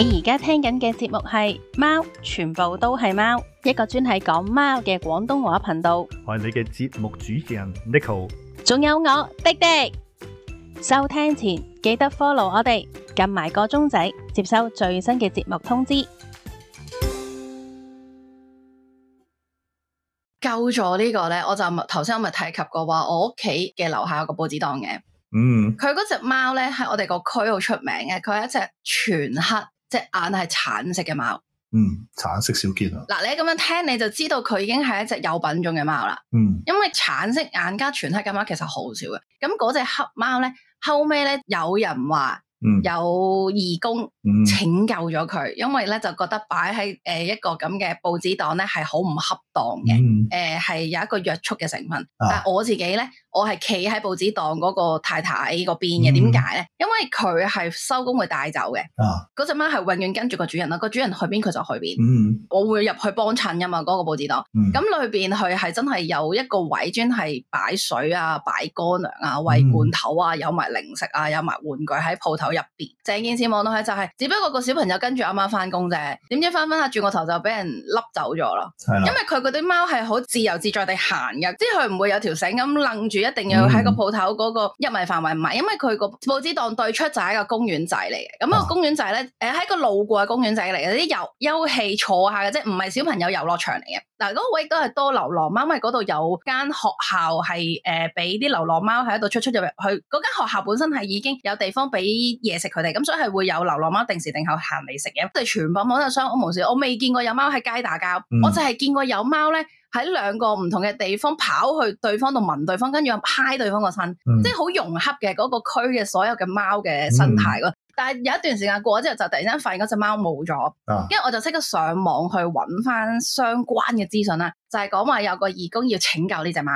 你而家聽緊嘅節目係貓，全部都係貓，一個專係講貓嘅廣東話頻道。我係你嘅節目主持人 Neko，仲有我廸廸。收聽前記得 follow 我哋，撳埋個鐘仔，接收最新嘅節目通知。救咗呢個呢，我就頭先我咪提及過話，我屋企嘅樓下有個報紙檔嘅。嗯，佢嗰隻貓呢，係我哋個區好出名嘅，佢係一隻全黑。隻眼係橙色嘅貓，嗯，橙色少見。啊，嗱，你咁樣聽，你就知道佢已經係一隻有品種嘅貓啦。嗯，因為橙色眼加全黑嘅貓其實好少嘅。咁嗰隻黑貓咧，後尾咧有人話、嗯、有義工拯救咗佢，因為咧就覺得擺喺誒一個咁嘅報紙檔咧係好唔恰當嘅，誒係、嗯呃、有一個約束嘅成分。啊、但係我自己咧。我係企喺報紙檔嗰個太太個邊嘅，點解咧？因為佢係收工會帶走嘅，嗰隻貓係永遠跟住個主人咯，個主人去邊佢就去邊。嗯、我會入去幫襯噶嘛，嗰、嗰個報紙檔。咁、嗯、裏邊佢係真係有一個位專係擺水啊、擺乾糧啊、餵罐頭啊、嗯、有埋零食啊、有埋玩具喺鋪頭入邊。成件事望到去就係、是，只不過個小朋友跟住阿媽翻工啫，點知翻翻下轉個頭就俾人笠走咗咯。係啦，因為佢嗰啲貓係好自由自在地行嘅，即係佢唔會有條繩咁愣住嗯、一定要喺個鋪頭嗰個一米範圍唔係，因為佢個報紙檔對出就係一個公園仔嚟嘅。咁、哦、個公園仔咧，誒喺個路過嘅公園仔嚟嘅，啲遊休憩坐下嘅即係，唔係小朋友遊樂場嚟嘅。嗱、那、嗰、個、位都係多流浪貓，因為嗰度有間學校係誒俾啲流浪貓喺度出出入入去。嗰間學校本身係已經有地方俾嘢食佢哋，咁、呃、所以係會有流浪貓定時定候行嚟食嘅。我哋全部冇得相，我冇事，我未見過有貓喺街打交，嗯、我就係見過有貓咧。喺兩個唔同嘅地方跑去對方度聞對方，跟住拍對方個身，嗯、即係好融洽嘅嗰個區嘅所有嘅貓嘅生態咯。嗯、但係有一段時間過咗之後，就突然間發現嗰隻貓冇咗，跟住、啊、我就即刻上網去搵翻相關嘅資訊啦，就係講話有個義工要拯救呢隻貓，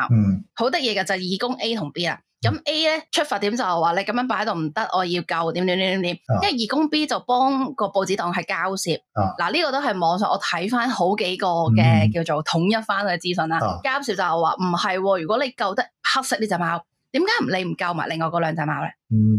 好得意嘅就係、義工 A 同 B 啦。咁 A 咧，出發點就係話你咁樣擺喺度唔得，我要救點點點點點，因為義工 B 就幫個報紙檔係交涉。嗱呢、啊、個都係網上我睇翻好幾個嘅、嗯、叫做統一翻嘅資訊啦。啊、交涉就係話唔係，如果你救得黑色呢隻貓，點解你唔救埋另外嗰兩隻貓咧？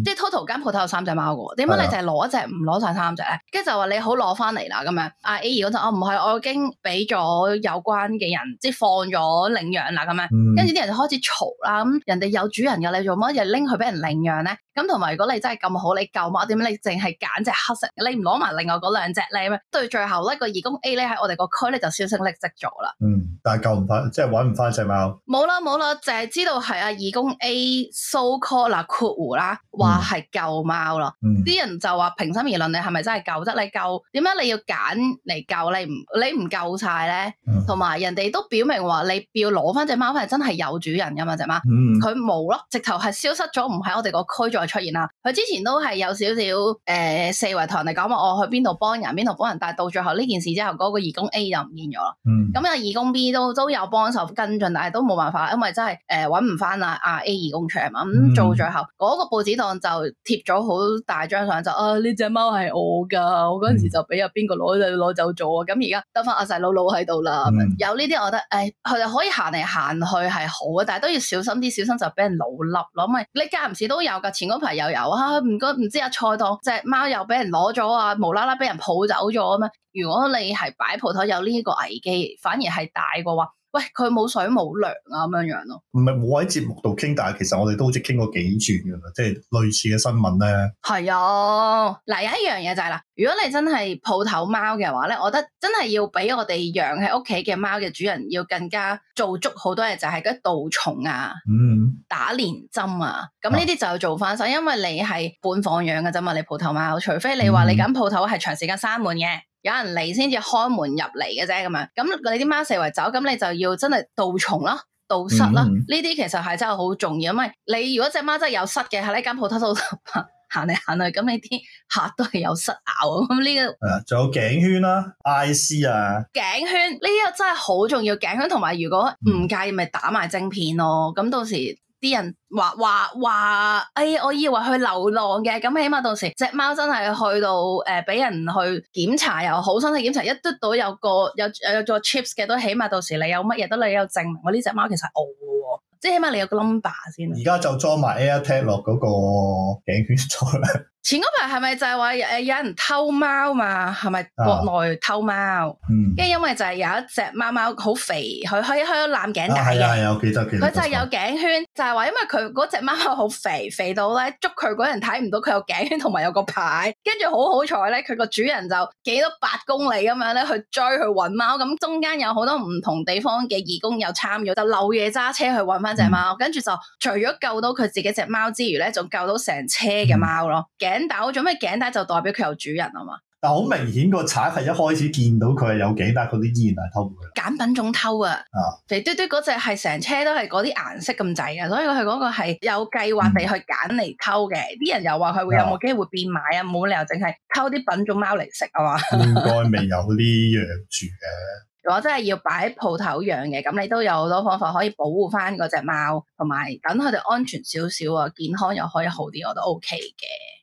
即係 total 間鋪頭有三隻貓嘅，點解你淨係攞一隻唔攞晒三隻咧？跟住就話你好攞翻嚟啦咁樣。阿 A 二嗰陣，我唔係，我已經俾咗有關嘅人，即係放咗領養啦咁樣。跟住啲人就開始嘈啦，咁人哋有主人嘅，你做乜嘢拎佢俾人領養咧？咁同埋如果你真係咁好，你救貓？點解你淨係揀隻黑色？你唔攞埋另外嗰兩隻咧？對，最後咧、個義工 A 咧喺我哋個區咧就銷聲匿跡咗啦。嗯，但係救唔翻，即係搵唔翻隻貓。冇啦冇啦，淨係知道係阿義工 A so call 啦括弧啦。話係救貓咯，啲、嗯、人就話平心而論，你係咪真係救得？你救點解？你要揀嚟救，你唔你唔救晒咧？同埋、啊、人哋都表明話，你要攞翻隻貓翻嚟，真係有主人噶嘛隻貓？佢冇咯，嗯、直頭係消失咗，唔喺我哋個區再出現啦。佢之前都係有少少誒四圍同人哋講話，我、嗯哦、去邊度幫人，邊度幫人，但係到最後呢件事之後，嗰、那個義工 A 就唔見咗啦。咁啊、嗯，義工 B 都都有幫手跟進，但係都冇辦法，因為真係誒搵唔翻啦。阿、啊、A 義工出啊嘛，咁做最後嗰個報紙。呢檔就貼咗好大張相，就啊呢隻貓係我噶，我嗰陣時就俾阿邊個攞攞走咗，啊。咁而家得翻阿細佬佬喺度啦。有呢啲，我覺得誒，佢、哎、哋可以行嚟行去係好嘅，但係都要小心啲，小心就俾人老笠咯。咪你間唔時都有噶，前嗰排又有啊，唔該唔知阿、啊、菜檔隻貓又俾人攞咗啊，無啦啦俾人抱走咗啊嘛。如果你係擺鋪頭有呢個危機，反而係大嘅話。喂，佢冇水冇糧啊，咁樣樣咯。唔係冇喺節目度傾，但係其實我哋都好似傾過幾轉噶啦，即係類似嘅新聞咧。係啊，嗱有一樣嘢就係啦，如果你真係鋪頭貓嘅話咧，我覺得真係要俾我哋養喺屋企嘅貓嘅主人要更加做足好多嘢，就係嗰啲杜蟲啊，嗯、打年針啊，咁呢啲就做翻晒，啊、因為你係半放養嘅啫嘛，你鋪頭貓，除非你話你咁鋪頭係長時間閂門嘅。有人嚟先至開門入嚟嘅啫，咁樣，咁你啲貓四圍走，咁你就要真係杜蟲咯、杜虱咯，呢啲、嗯嗯、其實係真係好重要，因為你如果隻貓真係有虱嘅喺呢間鋪頭度行嚟行去，咁你啲客都係有虱咬，咁呢個，誒，仲有頸圈啦、IC 啊，頸圈呢個真係好重要，頸圈同埋如果唔介意咪打埋晶片咯，咁到時。啲人話話話，哎，我以為去流浪嘅，咁起碼到時隻貓真係去到，誒、呃，俾人去檢查又好，身體檢查一嘟到有個有有做 chips 嘅，都起碼到時你有乜嘢得你有證明，我呢隻貓其實係我嘅喎，即係起碼你有個 number 先。而家就裝埋 AirTag 嗰個頸圈咗啦。 前嗰排係咪就係話誒，有人偷貓嘛？係咪國內偷貓？跟住、啊嗯、因為就係有一隻貓貓好肥，佢可佢佢有攬頸帶嘅，佢、啊啊啊、就有頸圈。就係話因為佢嗰隻貓貓好肥，肥到咧捉佢嗰人睇唔到佢有頸圈同埋有個牌。跟住好好彩咧，佢個主人就幾多百公里咁樣咧去追去搵貓。咁中間有好多唔同地方嘅義工又參與，就漏嘢揸車去搵翻隻貓。嗯、跟住就除咗救到佢自己隻貓之餘咧，仲救到成車嘅貓咯。嗯頸帶做咩？頸帶就代表佢有主人啊嘛。但好明顯個賊係一開始見到佢係有頸帶，佢都依然係偷嘅。揀品種偷啊！肥嘟嘟嗰隻係成車都係嗰啲顏色咁滯啊，所以佢嗰個係有計劃地去揀嚟偷嘅。啲、嗯、人又話佢會有冇機會變賣啊？冇理由淨係偷啲品種貓嚟食啊嘛。應該未有呢樣住嘅。如果 真係要擺喺鋪頭養嘅，咁你都有好多方法可以保護翻嗰隻貓，同埋等佢哋安全少少啊，健康又可以好啲，我都 OK 嘅。